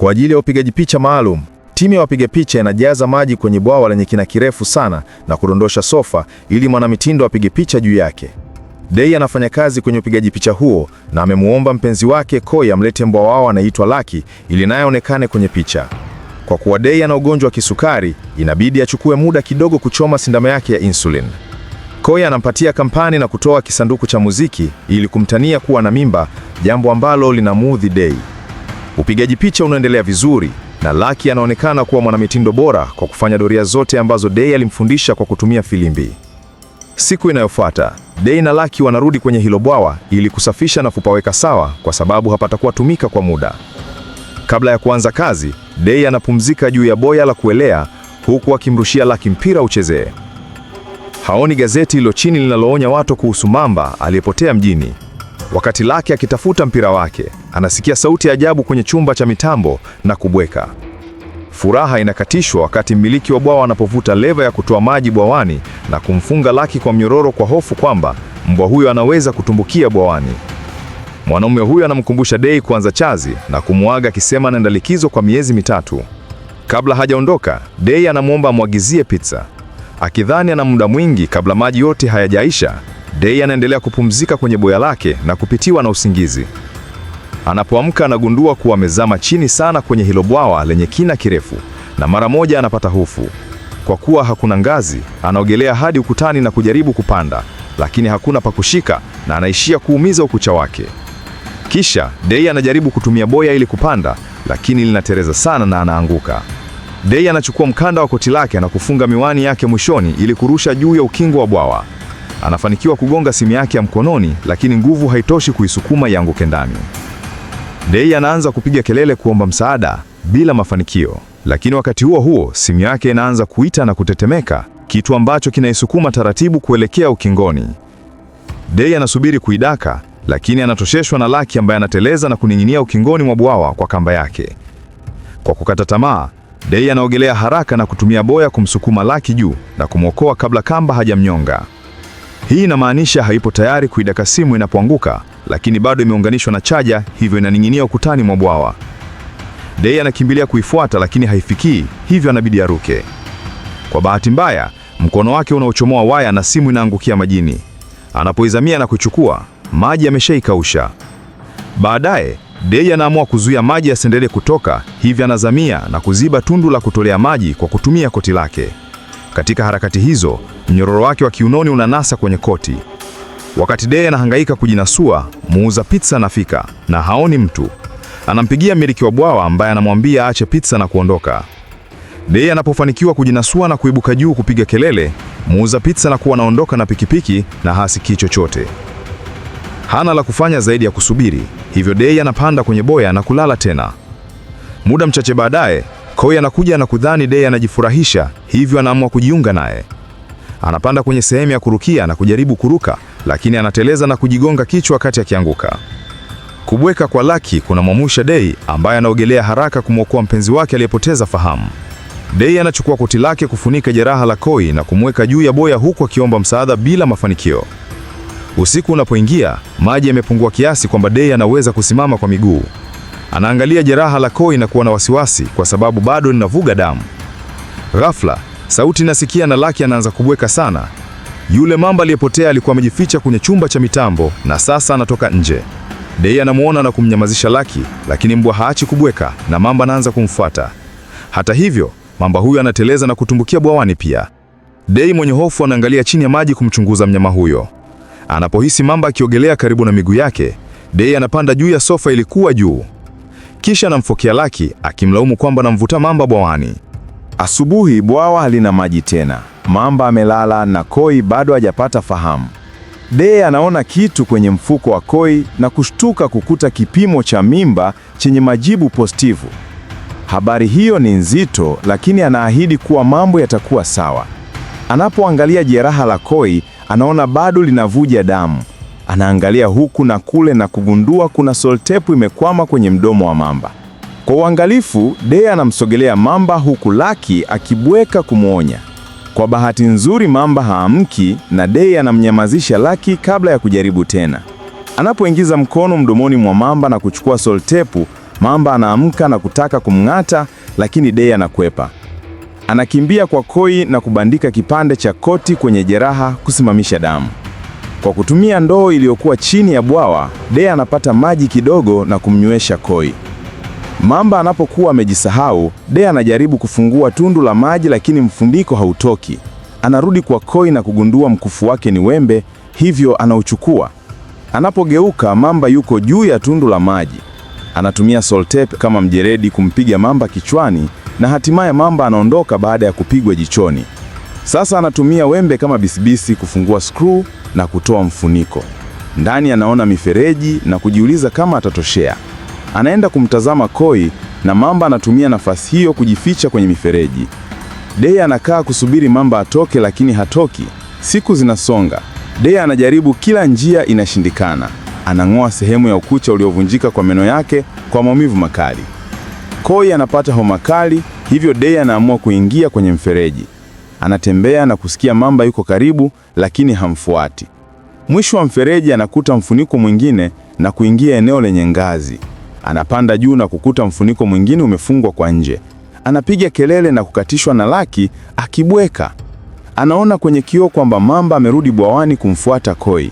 Kwa ajili ya upigaji picha maalum, timu ya wapiga picha inajaza maji kwenye bwawa lenye kina kirefu sana na kudondosha sofa ili mwanamitindo apige picha juu yake. Dei anafanya kazi kwenye upigaji picha huo na amemuomba mpenzi wake Koi amlete mbwa wao anaitwa Laki ili naye aonekane kwenye picha. Kwa kuwa Dei ana ugonjwa wa kisukari, inabidi achukue muda kidogo kuchoma sindano yake ya insulin. Koi anampatia kampani na kutoa kisanduku cha muziki ili kumtania kuwa na mimba, jambo ambalo linamuudhi Dei. Upigaji picha unaendelea vizuri na Lucky anaonekana kuwa mwanamitindo bora kwa kufanya doria zote ambazo Day alimfundisha kwa kutumia filimbi. Siku inayofuata Day na Lucky wanarudi kwenye hilo bwawa ili kusafisha na kupaweka sawa, kwa sababu hapatakuwa tumika kwa muda. Kabla ya kuanza kazi, Day anapumzika juu ya boya la kuelea, huku akimrushia Lucky mpira uchezee. Haoni gazeti lilo chini linaloonya watu kuhusu mamba aliyepotea mjini. Wakati Lucky akitafuta mpira wake, anasikia sauti ya ajabu kwenye chumba cha mitambo na kubweka. Furaha inakatishwa wakati mmiliki wa bwawa anapovuta leva ya kutoa maji bwawani na kumfunga Lucky kwa mnyororo kwa hofu kwamba mbwa huyo anaweza kutumbukia bwawani. Mwanaume huyo anamkumbusha Dei kuanza chazi na kumwaga akisema anaenda likizo kwa miezi mitatu. Kabla hajaondoka, Dei anamwomba amwagizie pizza, akidhani ana muda mwingi kabla maji yote hayajaisha. Dei anaendelea kupumzika kwenye boya lake na kupitiwa na usingizi. Anapoamka anagundua kuwa amezama chini sana kwenye hilo bwawa lenye kina kirefu, na mara moja anapata hofu. Kwa kuwa hakuna ngazi, anaogelea hadi ukutani na kujaribu kupanda, lakini hakuna pa kushika na anaishia kuumiza ukucha wake. Kisha Dei anajaribu kutumia boya ili kupanda, lakini linatereza sana na anaanguka. Dei anachukua mkanda wa koti lake na kufunga miwani yake mwishoni ili kurusha juu ya ukingo wa bwawa. Anafanikiwa kugonga simu yake ya mkononi, lakini nguvu haitoshi kuisukuma ianguke ndani. Dei anaanza kupiga kelele kuomba msaada bila mafanikio, lakini wakati huo huo simu yake inaanza kuita na kutetemeka, kitu ambacho kinaisukuma taratibu kuelekea ukingoni. Dei anasubiri kuidaka, lakini anatosheshwa na laki ambaye anateleza na kuning'inia ukingoni mwa bwawa kwa kamba yake. Kwa kukata tamaa, Dei anaogelea haraka na kutumia boya kumsukuma laki juu na kumwokoa kabla kamba hajamnyonga. Hii inamaanisha haipo tayari kuidaka simu inapoanguka, lakini bado imeunganishwa na chaja, hivyo inaning'inia ukutani mwa bwawa. dei anakimbilia kuifuata, lakini haifikii, hivyo anabidi aruke. Kwa bahati mbaya, mkono wake unaochomoa waya na simu inaangukia majini. Anapoizamia na kuchukua, maji yameshaikausha. Baadaye dei anaamua kuzuia maji yasiendelee kutoka, hivyo anazamia na kuziba tundu la kutolea maji kwa kutumia koti lake. Katika harakati hizo mnyororo wake wa kiunoni unanasa kwenye koti. Wakati Dee anahangaika kujinasua, muuza pizza anafika na haoni mtu. Anampigia mmiliki wa bwawa ambaye anamwambia aache pizza na kuondoka. Dee anapofanikiwa kujinasua na kuibuka juu kupiga kelele, muuza pizza na kuwa anaondoka na pikipiki na hasikii chochote. Hana la kufanya zaidi ya kusubiri, hivyo Dei anapanda kwenye boya na kulala tena. Muda mchache baadaye, Koi anakuja na kudhani Dei anajifurahisha, hivyo anaamua kujiunga naye. Anapanda kwenye sehemu ya kurukia na kujaribu kuruka, lakini anateleza na kujigonga kichwa wakati akianguka. Kubweka kwa Lucky mwamusha Day ambaye anaogelea haraka kumwokoa mpenzi wake aliyepoteza fahamu. Day anachukua koti lake kufunika jeraha la Koi na kumweka juu ya boya huku akiomba msaada bila mafanikio. Usiku unapoingia, maji yamepungua kiasi kwamba Day anaweza kusimama kwa miguu. Anaangalia jeraha la Koi na kuwa na wasiwasi kwa sababu bado linavuga damu. Ghafla, Sauti nasikia na laki anaanza kubweka sana. Yule mamba aliyepotea alikuwa amejificha kwenye chumba cha mitambo na sasa anatoka nje. Dei anamuona na kumnyamazisha laki lakini mbwa haachi kubweka na mamba anaanza kumfuata. Hata hivyo, mamba huyo anateleza na kutumbukia bwawani pia. Dei mwenye hofu anaangalia chini ya maji kumchunguza mnyama huyo. Anapohisi mamba akiogelea karibu na miguu yake, Dei anapanda juu ya sofa ilikuwa juu. Kisha anamfokea laki akimlaumu kwamba anamvuta mamba bwawani. Asubuhi bwawa halina maji tena, mamba amelala na koi bado hajapata fahamu. Dee anaona kitu kwenye mfuko wa koi na kushtuka kukuta kipimo cha mimba chenye majibu positivu. Habari hiyo ni nzito, lakini anaahidi kuwa mambo yatakuwa sawa. Anapoangalia jeraha la koi, anaona bado linavuja damu. Anaangalia huku na kule na kugundua kuna soltepu imekwama kwenye mdomo wa mamba. Kwa uangalifu, Dea anamsogelea Mamba huku laki akibweka kumwonya. Kwa bahati nzuri, Mamba haamki na Dea anamnyamazisha laki kabla ya kujaribu tena. Anapoingiza mkono mdomoni mwa Mamba na kuchukua soltepu, Mamba anaamka na kutaka kumng'ata, lakini Dea anakwepa. Anakimbia kwa koi na kubandika kipande cha koti kwenye jeraha kusimamisha damu. Kwa kutumia ndoo iliyokuwa chini ya bwawa, Dea anapata maji kidogo na kumnywesha koi. Mamba anapokuwa amejisahau, Dea anajaribu kufungua tundu la maji, lakini mfundiko hautoki. Anarudi kwa Koi na kugundua mkufu wake ni wembe, hivyo anauchukua. Anapogeuka, mamba yuko juu ya tundu la maji. Anatumia Soltep kama mjeredi kumpiga mamba kichwani na hatimaye mamba anaondoka baada ya kupigwa jichoni. Sasa anatumia wembe kama bisibisi kufungua skru na kutoa mfuniko. Ndani anaona mifereji na kujiuliza kama atatoshea anaenda kumtazama Koi na mamba anatumia nafasi hiyo kujificha kwenye mifereji. dei anakaa kusubiri mamba atoke, lakini hatoki. Siku zinasonga, dei anajaribu kila njia, inashindikana. Anang'oa sehemu ya ukucha uliovunjika kwa meno yake kwa maumivu makali. Koi anapata homa kali, hivyo dei anaamua kuingia kwenye mfereji. Anatembea na kusikia mamba yuko karibu, lakini hamfuati. Mwisho wa mfereji anakuta mfuniko mwingine na kuingia eneo lenye ngazi. Anapanda juu na kukuta mfuniko mwingine umefungwa kwa nje. Anapiga kelele na kukatishwa na laki akibweka. Anaona kwenye kioo kwamba mamba amerudi bwawani kumfuata koi.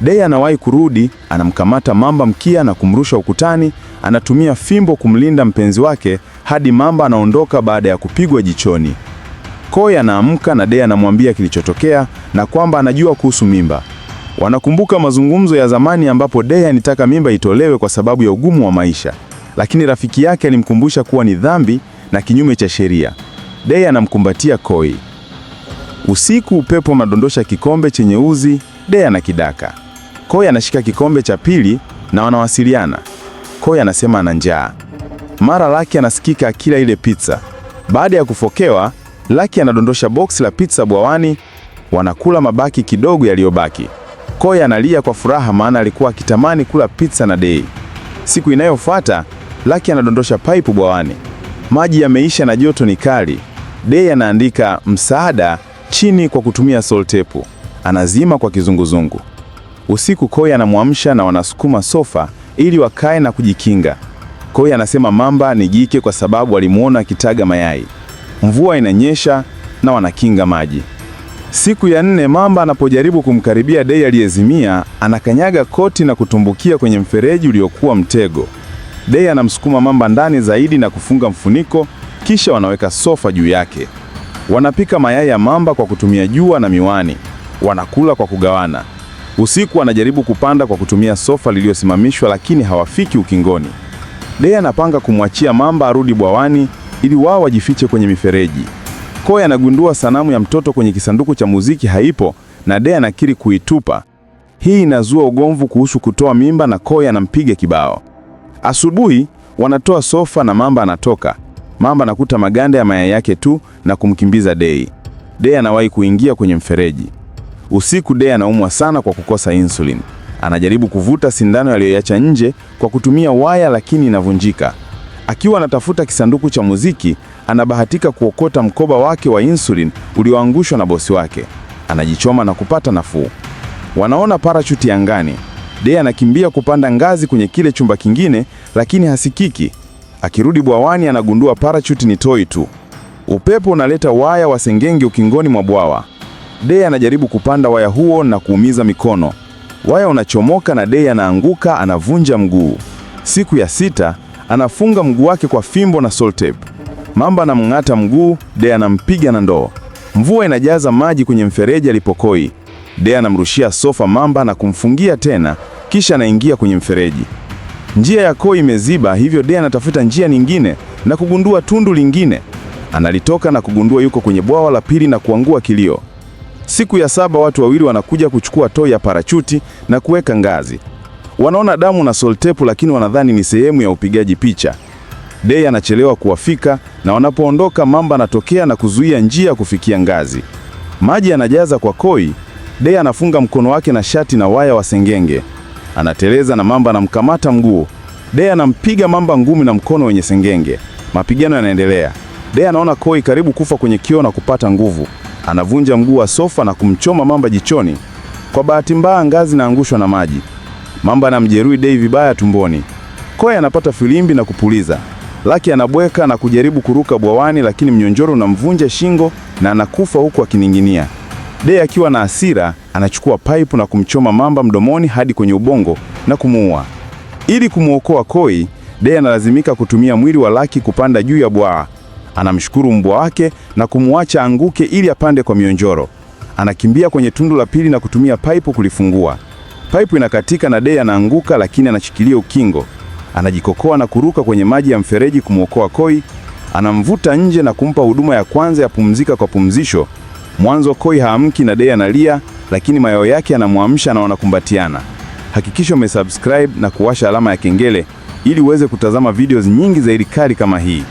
Dei anawahi kurudi, anamkamata mamba mkia na kumrusha ukutani. Anatumia fimbo kumlinda mpenzi wake hadi mamba anaondoka baada ya kupigwa jichoni. Koi anaamka na Dei anamwambia kilichotokea na kwamba anajua kuhusu mimba. Wanakumbuka mazungumzo ya zamani ambapo Dea anitaka mimba itolewe kwa sababu ya ugumu wa maisha, lakini rafiki yake alimkumbusha kuwa ni dhambi na kinyume cha sheria. Dea anamkumbatia Koi. Usiku upepo unadondosha kikombe chenye uzi, Dea na kidaka. Koi anashika kikombe cha pili na wanawasiliana. Koi anasema ana njaa. Mara Laki anasikika akila ile pizza. Baada ya kufokewa, Laki anadondosha boksi la pizza bwawani, wanakula mabaki kidogo yaliyobaki. Koi analia kwa furaha, maana alikuwa akitamani kula pizza na Dei. Siku inayofuata laki anadondosha pipe bwawani, maji yameisha na joto ni kali. Dei anaandika msaada chini kwa kutumia soltepu, anazima kwa kizunguzungu. Usiku Koi anamwamsha na wanasukuma sofa ili wakae na kujikinga. Koi anasema mamba ni jike kwa sababu alimwona akitaga mayai. Mvua inanyesha na wanakinga maji. Siku ya nne, mamba anapojaribu kumkaribia Dei aliyezimia, anakanyaga koti na kutumbukia kwenye mfereji uliokuwa mtego. Dei anamsukuma mamba ndani zaidi na kufunga mfuniko, kisha wanaweka sofa juu yake. Wanapika mayai ya mamba kwa kutumia jua na miwani, wanakula kwa kugawana. Usiku anajaribu kupanda kwa kutumia sofa lililosimamishwa, lakini hawafiki ukingoni. Dei anapanga kumwachia mamba arudi bwawani ili wao wajifiche kwenye mifereji. Koya anagundua sanamu ya mtoto kwenye kisanduku cha muziki haipo na Dea anakiri kuitupa. Hii inazua ugomvu kuhusu kutoa mimba na Koya anampiga kibao. Asubuhi wanatoa sofa na Mamba anatoka. Mamba anakuta maganda ya mayai yake tu na kumkimbiza Dei. Dei anawahi kuingia kwenye mfereji. Usiku Dei anaumwa sana kwa kukosa insulin. Anajaribu kuvuta sindano aliyoiacha nje kwa kutumia waya lakini inavunjika. Akiwa anatafuta kisanduku cha muziki, anabahatika kuokota mkoba wake wa insulin ulioangushwa na bosi wake. Anajichoma na kupata nafuu. Wanaona parachuti angani. Dea anakimbia kupanda ngazi kwenye kile chumba kingine, lakini hasikiki. Akirudi bwawani, anagundua parachuti ni toi tu. Upepo unaleta waya wa sengenge ukingoni mwa bwawa. Dea anajaribu kupanda waya huo na kuumiza mikono. Waya unachomoka na Dea anaanguka, anavunja mguu. Siku ya sita anafunga mguu wake kwa fimbo na soltape. Mamba anamng'ata mguu, Dea anampiga na ndoo. Mvua inajaza maji kwenye mfereji alipokoi. Dea anamrushia sofa mamba na kumfungia tena, kisha anaingia kwenye mfereji. Njia ya koi imeziba, hivyo Dea anatafuta njia nyingine na kugundua tundu lingine. Analitoka na kugundua yuko kwenye bwawa la pili na kuangua kilio. Siku ya saba watu wawili wanakuja kuchukua toi ya parachuti na kuweka ngazi. Wanaona damu na soltepu, lakini wanadhani ni sehemu ya upigaji picha. Dei anachelewa kuwafika na wanapoondoka mamba anatokea na kuzuia njia kufikia ngazi. Maji yanajaza kwa koi. Dei anafunga mkono wake na shati na waya wa sengenge, anateleza na mamba anamkamata mguu. Dei anampiga mamba ngumi na mkono wenye sengenge. Mapigano yanaendelea. Dei anaona koi karibu kufa kwenye kioo na kupata nguvu, anavunja mguu wa sofa na kumchoma mamba jichoni. Kwa bahati mbaya, ngazi inaangushwa na maji. Mamba anamjeruhi Dei vibaya tumboni. Koi anapata filimbi na kupuliza laki anabweka na kujaribu kuruka bwawani, lakini mnyonjoro unamvunja shingo na anakufa huku akining'inia. dei akiwa na hasira anachukua paipu na kumchoma mamba mdomoni hadi kwenye ubongo na kumuua. Ili kumwokoa Koi, dei analazimika kutumia mwili wa laki kupanda juu ya bwawa Anamshukuru mbwa wake na kumwacha anguke ili apande kwa mionjoro. Anakimbia kwenye tundu la pili na kutumia paipu kulifungua. Paipu inakatika na dei anaanguka, lakini anashikilia ukingo. Anajikokoa na kuruka kwenye maji ya mfereji kumwokoa Koi, anamvuta nje na kumpa huduma ya kwanza ya pumzika kwa pumzisho. Mwanzo Koi haamki na Dei analia, lakini mayo yake yanamwamsha na wanakumbatiana. Hakikisha umesubscribe na kuwasha alama ya kengele ili uweze kutazama videos nyingi zaidi kali kama hii.